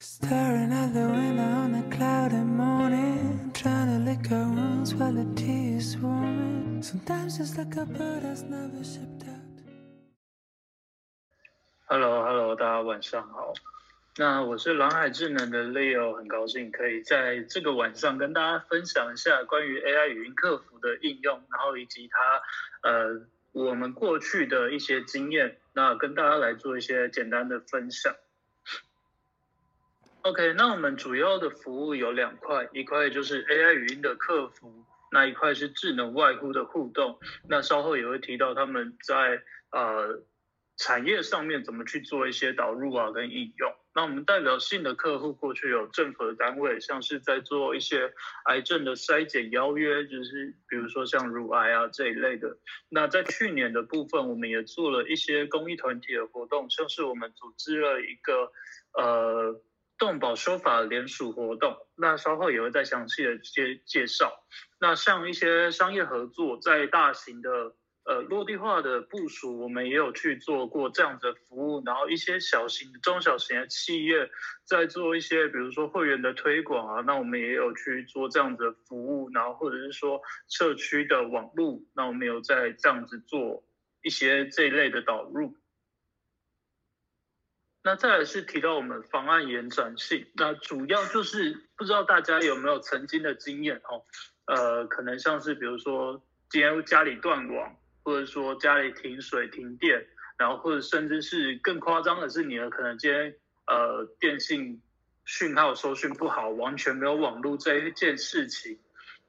Hello Hello，大家晚上好。那我是嵐海智能的 Leo，很高興可以在這個晚上跟大家分享一下關於 AI 語音客服的應用，然後以及它，呃我們過去的一些經驗，那跟大家來做一些簡單的分享。OK，那我們主要的服務有兩塊，一塊就是 AI 語音的客服，那一塊是智能外呼的互動。那稍後也會提到他們在呃產業上面怎麼去做一些導入啊跟應用。那我們代表性的客戶過去有政府的單位，像是在做一些癌症的篩檢邀約，就是比如說像乳癌啊這一類的。那在去年的部分，我們也做了一些公益團體的活動，像是我們組織了一個呃。動保修法聯署活動，那稍後也會再詳細的介介紹。那像一些商業合作，在大型的呃落地化的部署，我們也有去做過這樣子的服務。然後一些小型、中小型的企業，在做一些比如說會員的推廣啊，那我們也有去做這樣子的服務。然後或者是說社區的網路，那我們有在這樣子做一些這一類的導入。那再來是提到我們方案延展性，那主要就是不知道大家有沒有曾經的經驗哦，呃，可能像是比如說今天家裡斷網，或者說家裡停水停電，然後或者甚至是更誇張的是，你的可能今天呃電信訊號收訊不好，完全沒有網絡這一件事情。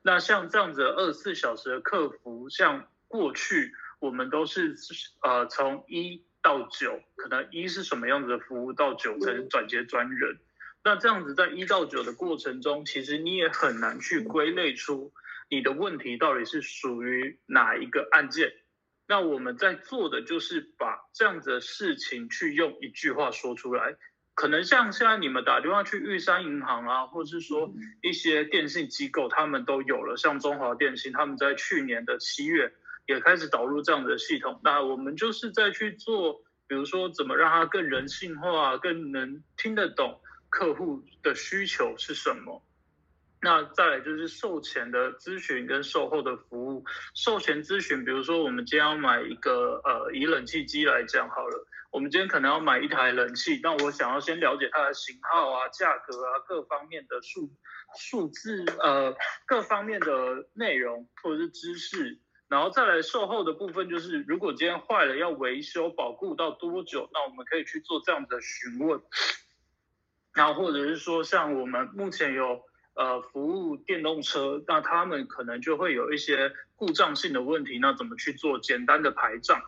那像這樣子二十四小時的客服，像過去我們都是呃從一。到九，可能一是什麼樣子的服務？到九才是轉接專人，那這樣子在一到九的過程中，其實你也很難去歸類出你的問題到底是屬於哪一個案件。那我們在做的就是把這樣子的事情去用一句話說出來，可能像現在你們打電話去玉山銀行啊，或者是說一些電信機構，他們都有了，像中華電信，他們在去年的七月。也開始導入這樣的系統，那我們就是在去做，比如說怎麼讓它更人性化，更能聽得懂客戶的需求是什麼。那再來就是售前的諮詢跟售後的服務。售前諮詢，比如說我們今天要買一個，呃，以冷氣機來講好了，我們今天可能要買一台冷氣，但我想要先了解它的型號啊、價格啊、各方面的數數字，呃，各方面的內容或者是知識。然後再來售後的部分，就是如果今天壞了要維修，保固到多久？那我們可以去做這樣子的詢問。然後或者是說，像我們目前有呃服務電動車，那他們可能就會有一些故障性的問題，那怎麼去做簡單的排障？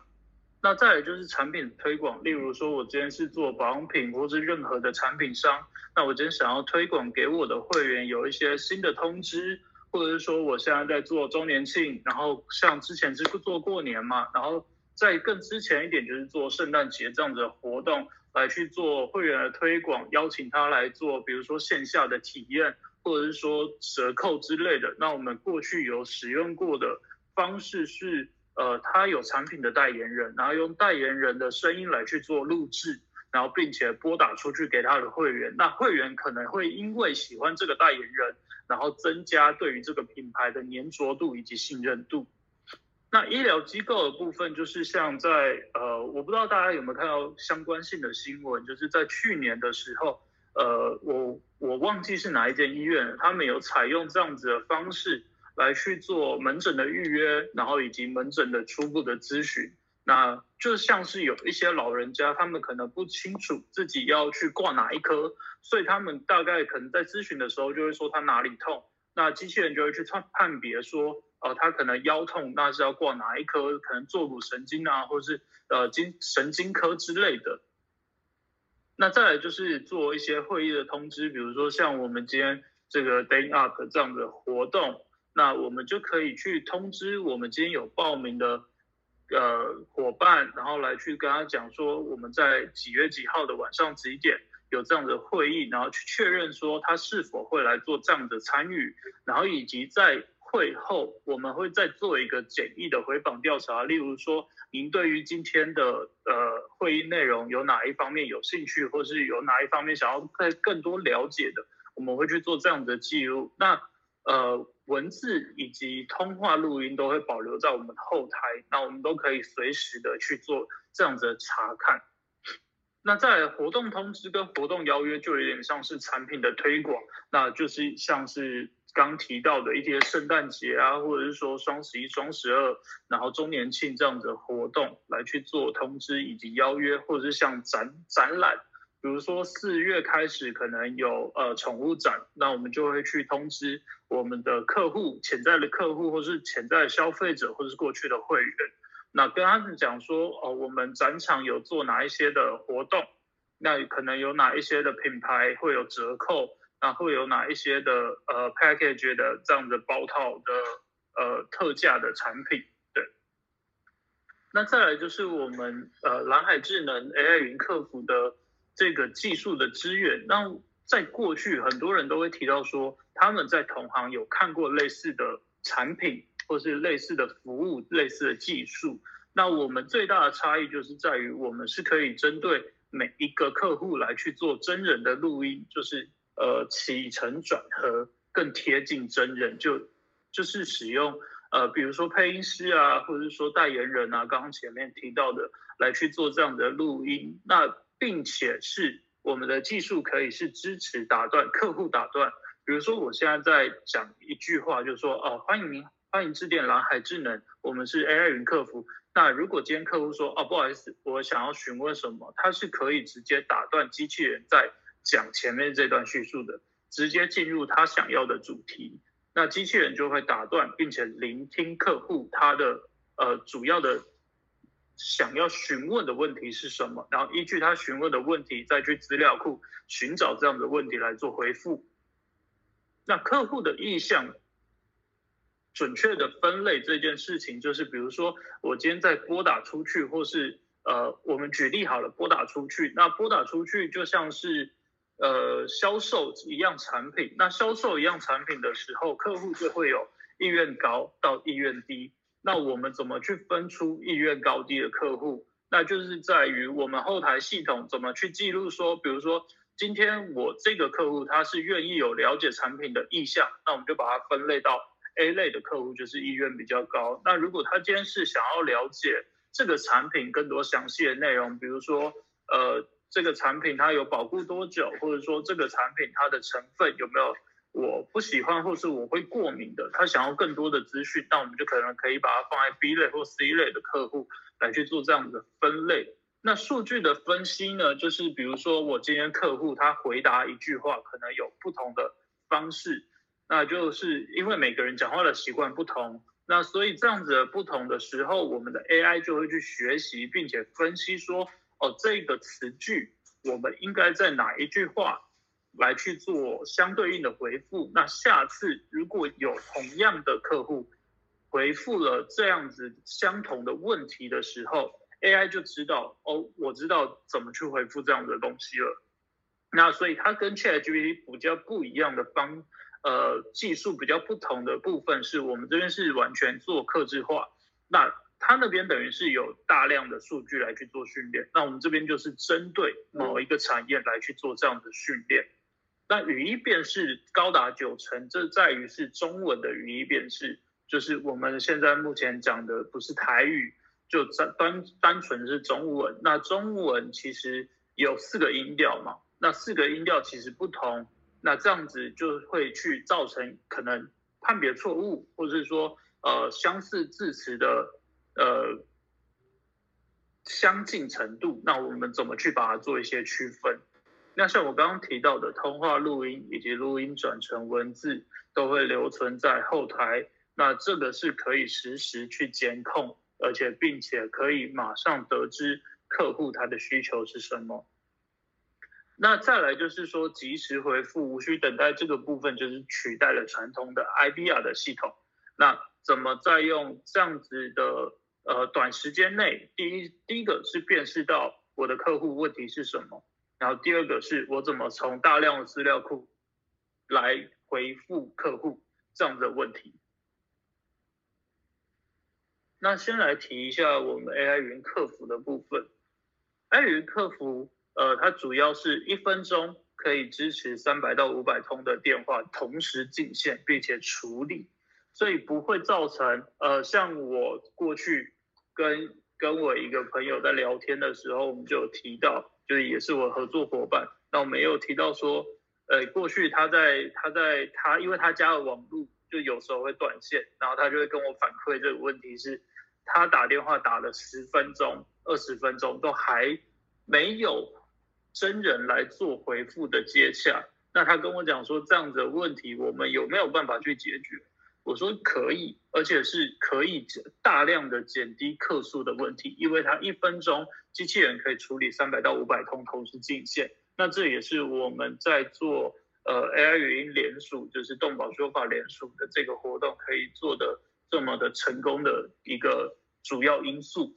那再來就是產品推廣，例如說我今天是做保養品，或是任何的產品商，那我今天想要推廣給我的會員有一些新的通知。或者是說我現在在做周年慶，然後像之前是做過年嘛，然後再更之前一點就是做聖誕節這樣子的活動，來去做會員的推廣，邀請他來做，比如說線下的體驗，或者是說折扣之類的。那我們過去有使用過的方式是，呃，他有產品的代言人，然後用代言人的聲音來去做錄製，然後並且撥打出去給他的會員，那會員可能會因為喜歡這個代言人，然後增加對於這個品牌的黏著度、以及信任度。那醫療機構的部分就是像在呃，我不知道大家有沒有看到相關性的新聞，就是在去年的時候，呃，我我忘記是哪一間醫院，他們有採用這樣子的方式來去做門診的預約，然後以及門診的初步的諮詢。那就像是有一些老人家，他們可能不清楚自己要去掛哪一科，所以他們大概可能在諮詢的時候就會說他哪裡痛，那機器人就會去判判別說，呃，他可能腰痛，那是要掛哪一科，可能坐骨神經啊，或是呃，經神經科之類的。那再來就是做一些會議的通知，比如說像我們今天這個 DayinUP 這樣的活動，那我們就可以去通知我們今天有報名的。呃，夥伴，然後來去跟他講說，我們在幾月幾號的晚上幾點有這樣的會議，然後去確認說他是否會來做這樣的參與，然後以及在會後我們會再做一個簡易的回訪調查，例如說您對於今天的呃會議內容有哪一方面有興趣，或是有哪一方面想要再更多了解的，我們會去做這樣的記錄。那呃。文字以及通話錄音都會保留在我們後台，那我們都可以隨時的去做這樣子的查看。那在活動通知跟活動邀約就有點像是產品的推廣，那就是像是剛提到的一些聖誕節啊，或者是說雙十一、雙十二，然後周年慶這樣子的活動來去做通知以及邀約，或者是像展展覽。比如說四月開始可能有呃寵物展，那我們就會去通知我們的客戶、潛在的客戶，或是潛在消費者，或是過去的會員，那跟他們講說呃我們展場有做哪一些的活動，那可能有哪一些的品牌會有折扣，那會有哪一些的呃 package 的這樣的包套的呃特價的產品，對。那再來就是我們呃嵐海智能 AI 雲客服的。這個技術的資源，那在過去很多人都會提到說，他們在同行有看過類似的產品，或是類似的服務，類似的技術。那我們最大的差異就是在於，我們是可以針對每一個客戶來去做真人的錄音，就是呃起承轉合更貼近真人，就就是使用呃比如說配音師啊，或者是說代言人啊，剛剛前面提到的來去做這樣的錄音，那，並且是我們的技術可以是支持打斷客戶打斷，比如說我現在在講一句話，就是說哦，歡迎您，歡迎致電嵐海智能，我們是 AI 雲客服。那如果今天客戶說哦，不好意思，我想要詢問什麼，他是可以直接打斷機器人在講前面這段敘述的，直接進入他想要的主題，那機器人就會打斷，並且聆聽客戶他的呃主要的，想要詢問的問題是什麼，然後依據他詢問的問題再去資料庫尋找這樣的問題來做回復。那客戶的意向準確的分類這件事情，就是比如說我今天在撥打出去，或是呃，我們舉例好了，撥打出去。那撥打出去就像是呃銷售一樣產品，那銷售一樣產品的時候，客戶就會有意願高到意願低。那我們怎麼去分出意願高低的客戶？那就是在於我們後台系統怎麼去記錄說，比如說今天我這個客戶他是願意有了解產品的意向，那我們就把它分類到 A 類的客戶，就是意願比較高。那如果他今天是想要了解這個產品更多詳細的內容，比如說呃這個產品它有保護多久，或者說這個產品它的成分有沒有？我不喜歡，或是我會過敏的。他想要更多的資訊，那我們就可能可以把它放在 B 類或 C 類的客戶來去做這樣的分類。那數據的分析呢，就是比如說我今天客戶他回答一句話，可能有不同的方式，那就是因為每個人講話的習慣不同，那所以這樣子的不同的時候，我們的 AI 就會去學習，並且分析說，哦，這個詞句我們應該在哪一句話。來去做相對應的回覆。那下次如果有同樣的客戶回覆了這樣子相同的問題的時候，AI 就知道哦，我知道怎麼去回覆這樣的東西了。那所以它跟 ChatGPT 比較不一樣的方，呃，技術比較不同的部分是，我們這邊是完全做客制化。那它那邊等於是有大量的數據來去做訓練，那我們這邊就是針對某一個產業來去做這樣的訓練。那語音辨識高達九成，這在於是中文的語音辨識，就是我們現在目前講的不是台語，就單單純是中文。那中文其實有四個音調嘛，那四個音調其實不同，那這樣子就會去造成可能判別錯誤，或者是說呃相似字詞的呃相近程度。那我們怎麼去把它做一些區分？那像我剛剛提到的通話錄音以及錄音轉成文字，都會留存在後台。那這個是可以實時去監控，而且並且可以馬上得知客戶他的需求是什麼。那再來就是說及時回復，無需等待這個部分，就是取代了傳統的 IVR 的系統。那怎麼再用這樣子的呃短時間內，第一第一個是辨識到我的客戶問題是什麼？然後第二個是我怎麼從大量的資料庫來回覆客戶這樣的問題。那先來提一下我們 AI 雲客服的部分。AI 雲客服，呃，它主要是一分鐘可以支持三百到五百通的電話同時進線，並且處理，所以不會造成呃，像我過去跟跟我一個朋友在聊天的時候，我們就有提到。就是也是我合作夥伴，那我沒有提到說，呃，過去他在他在他，因為他家的網路，就有時候會斷線，然後他就會跟我反饋這個問題是，他打電話打了十分鐘、二十分鐘都還沒有真人來做回復的接洽，那他跟我講說這樣子的問題我們有沒有辦法去解決？我說可以，而且是可以大量的減低客訴的問題，因為它一分鐘機器人可以處理三百到五百通同時進線，那這也是我們在做呃 AI 語音聯署，就是動保說法聯署的這個活動可以做得這麼的成功的一個主要因素。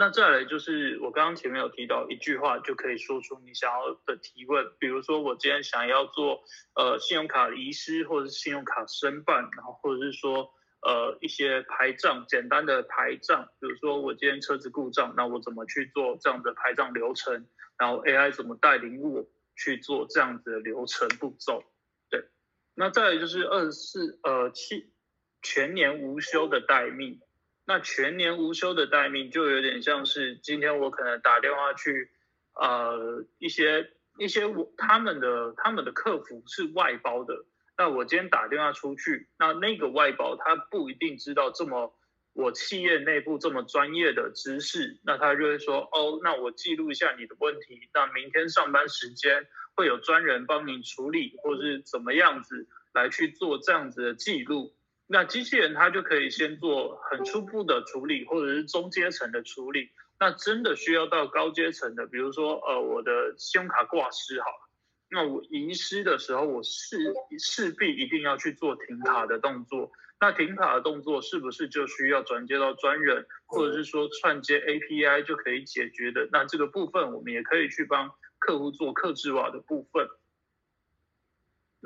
那再來就是我剛剛前面有提到，一句話就可以說出你想要的提問，比如說我今天想要做呃信用卡遺失，或者是信用卡申辦，然後或者是說呃一些排障，簡單的排障，比如說我今天車子故障，那我怎麼去做這樣的排障流程？然後 AI 怎麼帶領我去做這樣的流程步驟？對，那再來就是二十四呃七全年無休的待命。那全年無休的待命就有點像是今天我可能打電話去，呃，一些一些我他們的他們的客服是外包的，那我今天打電話出去，那那個外包他不一定知道這麼我企業內部這麼專業的知識，那他就會說，哦，那我記錄一下你的問題，那明天上班時間會有專人幫你處理，或是怎麼樣子來去做這樣子的記錄。那機器人它就可以先做很初步的處理，或者是中階層的處理。那真的需要到高階層的，比如說呃我的信用卡掛失好，那我遺失的時候，我勢勢必一定要去做停卡的動作。那停卡的動作是不是就需要轉接到專人，或者是說串接 API 就可以解決的？那這個部分我們也可以去幫客戶做客製化的部分。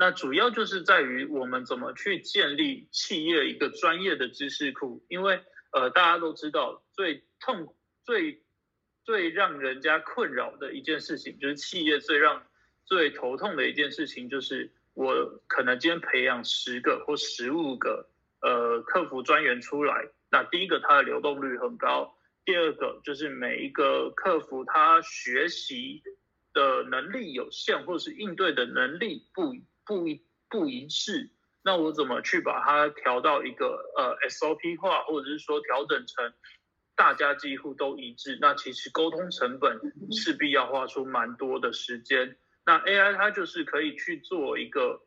那主要就是在於我們怎麼去建立企業一個專業的知識庫，因為呃，大家都知道最痛、最最讓人家困擾的一件事情，就是企業最讓最頭痛的一件事情，就是我可能今天培養十個或十五個呃客服專員出來，那第一個它的流動率很高，第二個就是每一個客服他學習的能力有限，或是應對的能力不。不一不一致，那我怎麼去把它調到一個呃 SOP 化，或者是說調整成大家幾乎都一致？那其實溝通成本勢必要花出蠻多的時間。那 AI 它就是可以去做一個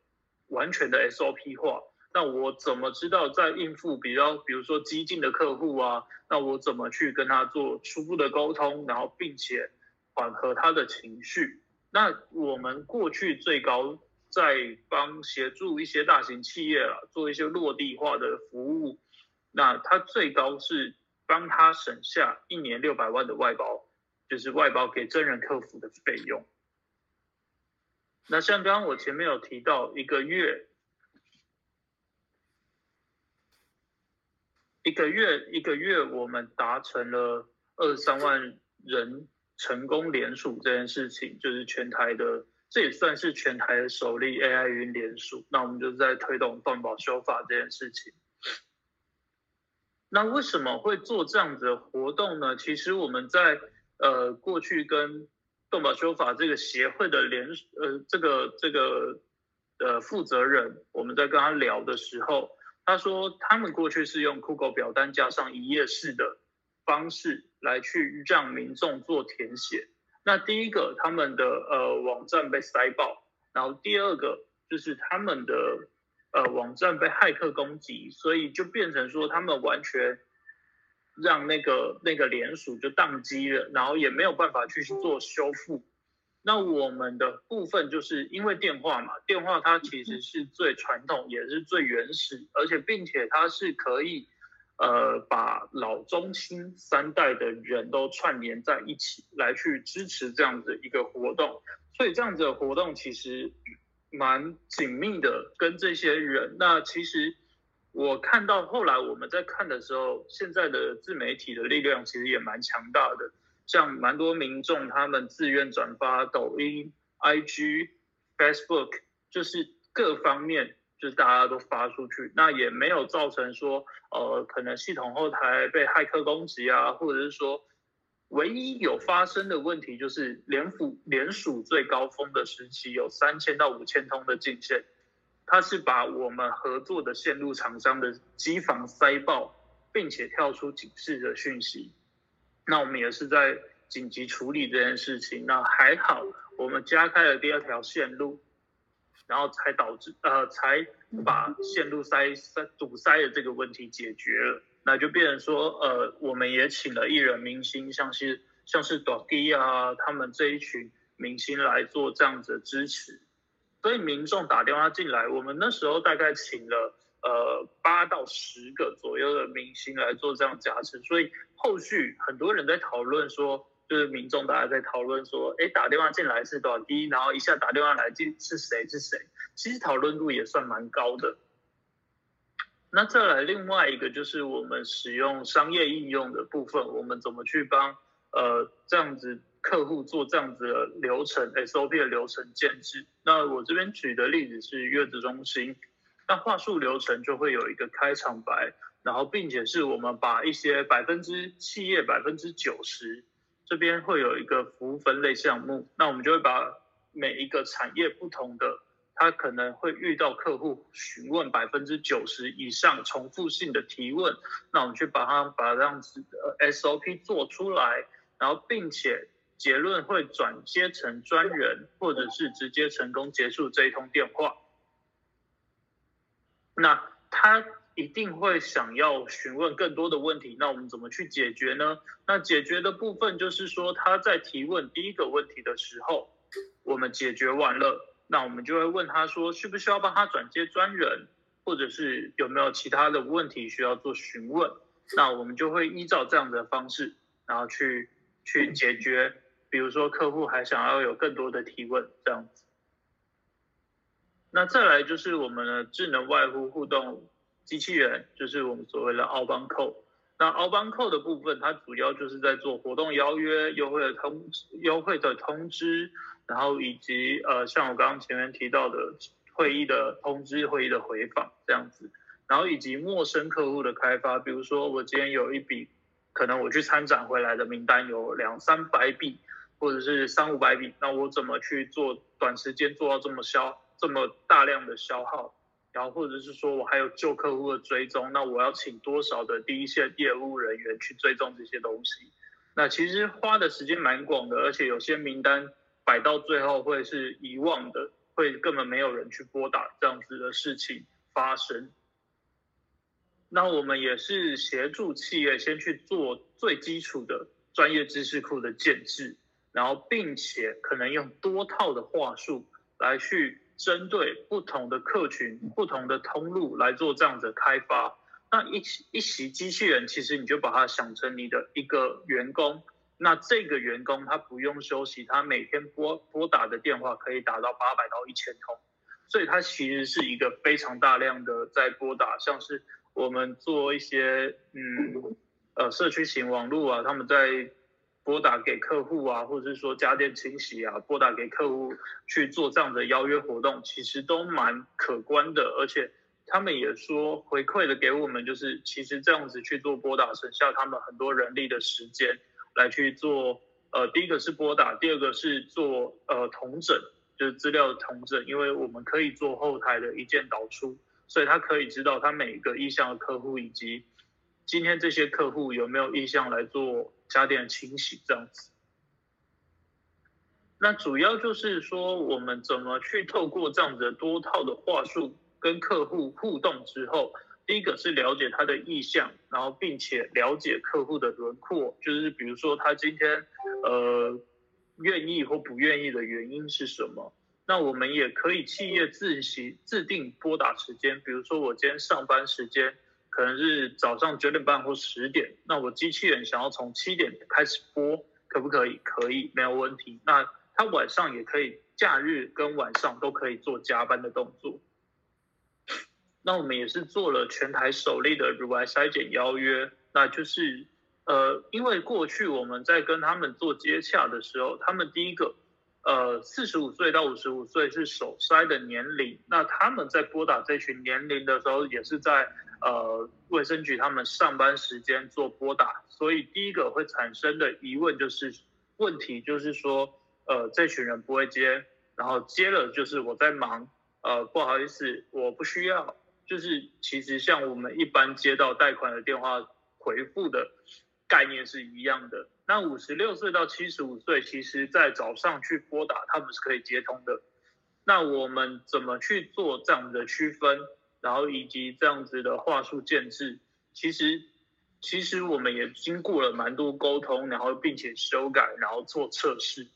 完全的 SOP 化。那我怎麼知道在應付比較，比如說激進的客戶啊？那我怎麼去跟他做初步的溝通，然後並且緩和他的情緒？那我們過去最高。在幫協助一些大型企業了、啊、做一些落地化的服務，那他最高是幫他省下一年六百萬的外包，就是外包給真人客服的費用。那像剛剛我前面有提到，一個月，一個月，一個月，我們達成了二三萬人成功連署這件事情，就是全台的。這也算是全台的首例 AI 雲連署，那我們就在推動動保修法這件事情。那為什麼會做這樣子的活動呢？其實我們在呃過去跟動保修法這個協會的聯呃這個這個呃負責人，我們在跟他聊的時候，他說他們過去是用 Google 表單加上一頁式的，方式來去讓民眾做填寫。那第一個，他們的呃網站被塞爆，然後第二個就是他們的呃網站被駭客攻擊，所以就變成說他們完全讓那個那個聯署就宕機了，然後也沒有辦法去做修復。那我們的部分就是因為電話嘛，電話它其實是最傳統也是最原始，而且並且它是可以。呃，把老中青三代的人都串聯在一起，來去支持這樣子一個活動，所以這樣子的活動其實蠻緊密的跟這些人。那其實我看到後來我們在看的時候，現在的自媒體的力量其實也蠻強大的，像蠻多民眾他們自願轉發抖音、IG、Facebook，就是各方面。就是大家都發出去，那也沒有造成說，呃，可能系統後臺被駭客攻擊啊，或者是說，唯一有發生的問題就是聯府聯署最高峰的時期有三千到五千通的進線，它是把我們合作的線路廠商的機房塞爆，並且跳出警示的訊息，那我們也是在緊急處理這件事情，那還好，我們加開了第二條線路。然後才導致呃，才把線路塞塞堵塞的這個問題解決了。那就變成說，呃，我們也請了藝人明星，像是像是多迪啊，他們這一群明星來做這樣子的支持。所以民眾打電話進來，我們那時候大概請了呃八到十個左右的明星來做這樣加持。所以後續很多人在討論說。就是民眾大家在討論說，哎、欸，打電話進來是多少？第一，然後一下打電話來進是誰是誰？其實討論度也算蠻高的。那再來另外一個就是我們使用商業應用的部分，我們怎麼去幫呃這樣子客戶做這樣子的流程 SOP 的流程建置？那我這邊舉的例子是月子中心，那話術流程就會有一個開場白，然後並且是我們把一些百分之企業百分之九十。這邊會有一個服務分類項目，那我們就會把每一個產業不同的，它可能會遇到客戶詢問百分之九十以上重複性的提問，那我們去把它把這樣子的 SOP 做出來，然後並且結論會轉接成專人，或者是直接成功結束這一通電話。那它。一定會想要詢問更多的問題，那我們怎麼去解決呢？那解決的部分就是說，他在提問第一個問題的時候，我們解決完了，那我們就會問他說需不需要幫他轉接專人，或者是有沒有其他的問題需要做詢問，那我們就會依照這樣的方式，然後去去解決，比如說客戶還想要有更多的提問這樣子，那再來就是我們的智能外呼互動。機器人就是我們所謂的 outbound call，那 outbound call 的部分，它主要就是在做活動邀約、優惠的通知，優惠的通知，然後以及呃，像我剛剛前面提到的會議的通知，會議的回訪這樣子，然後以及陌生客戶的開發，比如說我今天有一筆，可能我去參展回來的名單有兩三百筆，或者是三五百筆，那我怎麼去做短時間做到這麼消這麼大量的消耗？然後，或者是說我還有舊客戶的追蹤，那我要請多少的第一線業務人員去追蹤這些東西？那其實花的時間蠻廣的，而且有些名單擺到最後會是遺忘的，會根本沒有人去撥打，這樣子的事情發生。那我們也是協助企業先去做最基礎的專業知識庫的建置，然後並且可能用多套的話術來去。針對不同的客群、不同的通路來做這樣子的開發，那一一席機器人其實你就把它想成你的一個員工，那這個員工他不用休息，他每天撥撥打的電話可以達到八百到一千通，所以它其實是一個非常大量的在撥打，像是我們做一些嗯呃社區型網絡啊，他們在。撥打給客戶啊，或者是說家電清洗啊，撥打給客戶去做這樣的邀約活動，其實都蠻可觀的。而且他們也說回饋的給我們，就是其實這樣子去做撥打，省下他們很多人力的時間來去做。呃，第一個是撥打，第二個是做呃統整，就是資料的統整，因為我們可以做後台的一鍵導出，所以他可以知道他每一個意向的客戶以及今天這些客戶有沒有意向來做。加點清洗這樣子，那主要就是說，我們怎麼去透過這樣子的多套的話術跟客戶互動之後，第一個是了解他的意向，然後並且了解客戶的輪廓，就是比如說他今天呃願意或不願意的原因是什麼。那我們也可以企業自行自定撥打時間，比如說我今天上班時間。可能是早上九點半或十點，那我機器人想要從七點開始播，可不可以？可以，沒有問題。那他晚上也可以，假日跟晚上都可以做加班的動作。那我們也是做了全台首例的乳癌篩檢邀約，那就是呃，因為過去我們在跟他們做接洽的時候，他們第一個。呃，四十五歲到五十五歲是首篩的年齡，那他們在撥打這群年齡的時候，也是在呃衛生局他們上班時間做撥打，所以第一個會產生的疑問就是問題就是說，呃，這群人不會接，然後接了就是我在忙，呃，不好意思，我不需要，就是其實像我們一般接到貸款的電話回復的。概念是一樣的。那五十六歲到七十五歲，其實，在早上去撥打，他們是可以接通的。那我們怎麼去做這樣子的區分，然後以及這樣子的話術建制，其實，其實我們也經過了蠻多溝通，然後並且修改，然後做測試。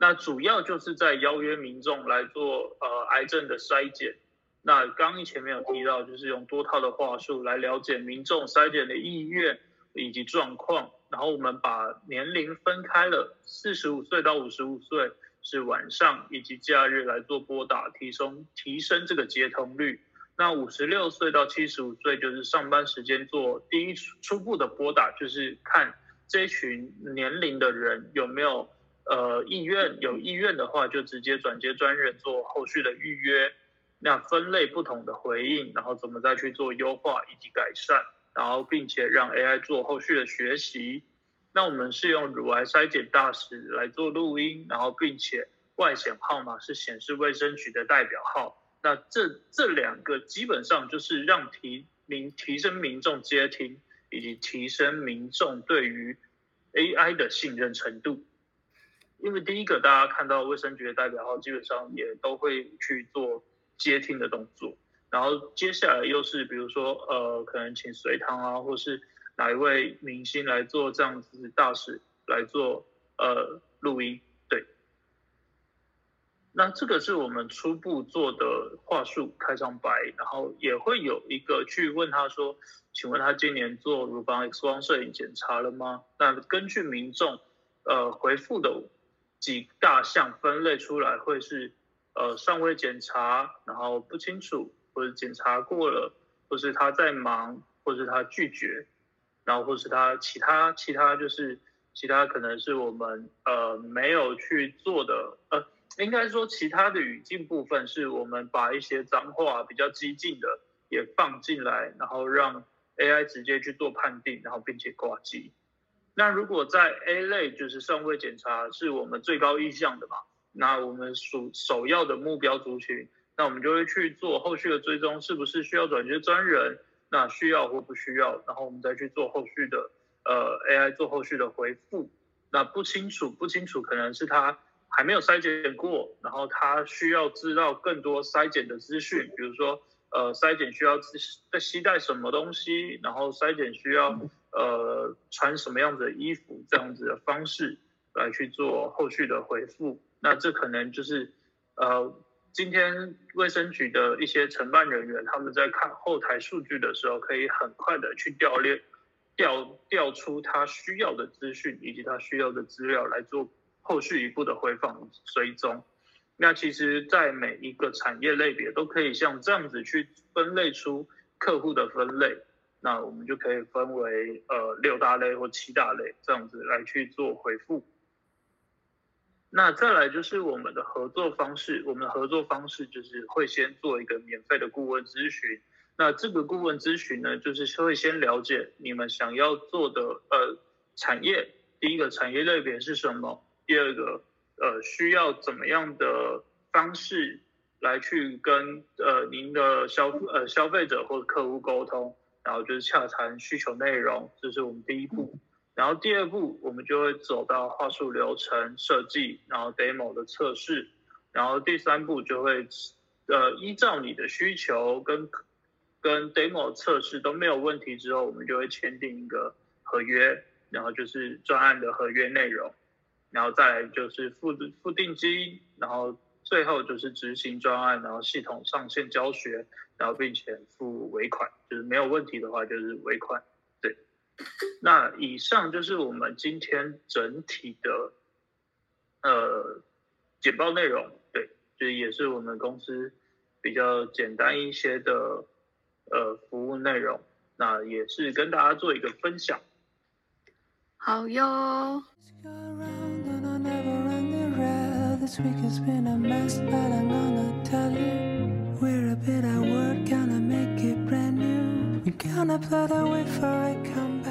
那主要就是在邀約民眾來做呃癌症的篩檢。那剛前面有提到，就是用多套的話術來了解民眾篩檢的意願。以及狀況，然後我們把年齡分開了，四十五歲到五十五歲是晚上以及假日來做撥打，提升提升這個接通率。那五十六歲到七十五歲就是上班時間做第一初步的撥打，就是看這群年齡的人有沒有呃意願，有意願的話就直接轉接專人做後續的預約。那分類不同的回應，然後怎麼再去做優化以及改善，然後，並且讓 AI 做後續的學習。那我們是用乳癌篩檢大使來做錄音，然後並且外顯號碼是顯示衛生局的代表號。那這這兩個基本上就是讓提民提升民眾接聽，以及提升民眾對於 AI 的信任程度。因為第一個，大家看到衛生局的代表號，基本上也都會去做接聽的動作。然後接下來又是比如說呃，可能請隋棠啊，或是哪一位明星來做這樣子的大使來做呃錄音，對。那這個是我們初步做的話術開場白，然後也會有一個去問他說，請問他今年做乳房 X 光攝影檢查了嗎？那根據民眾呃回復的幾大項分類出來，會是呃尚未檢查，然後不清楚，或者檢查過了，或是他在忙，或是他拒絕，然後或是他其他其他就是其他可能是我們呃沒有去做的，呃應該說其他的語境部分是我們把一些髒話比較激進的也放進來，然後讓 AI 直接去做判定，然後並且掛機。那如果在 A 類就是上位檢查是我們最高意向的嘛，那我們首首要的目標族群。那我們就會去做後續的追蹤，是不是需要轉接專人？那需要或不需要，然後我們再去做後續的呃 AI 做後續的回復。那不清楚不清楚，可能是他還沒有篩檢過，然後他需要知道更多篩檢的資訊，比如說呃篩檢需要在攜帶什麼東西，然後篩檢需要呃穿什麼樣子的衣服，這樣子的方式來去做後續的回復。那這可能就是呃。今天衛生局的一些承辦人員，他們在看後台數據的時候，可以很快的去調列、調調出他需要的資訊以及他需要的資料來做後續一步的回訪追蹤。那其實，在每一個產業類別都可以像這樣子去分類出客戶的分類，那我們就可以分為呃六大類或七大類這樣子來去做回覆。那再來就是我們的合作方式，我們的合作方式就是會先做一個免費的顧問諮詢。那這個顧問諮詢呢，就是會先了解你們想要做的呃產業，第一個產業類別是什麼，第二個呃需要怎麼樣的方式來去跟呃您的消呃消費者或者客戶溝通，然後就是洽談需求內容，這是我們第一步。然後第二步，我們就會走到話術流程設計，然後 demo 的測試，然後第三步就會，呃，依照你的需求跟跟 demo 測試都沒有問題之後，我們就會簽訂一個合約，然後就是專案的合約內容，然後再來就是付付定金，然後最後就是執行專案，然後系統上線教學，然後並且付尾款，就是沒有問題的話就是尾款。那以上就是我們今天整體的呃簡報內容，對，就是、也是我們公司比較簡單一些的呃服務內容，那也是跟大家做一個分享。好喲、哦。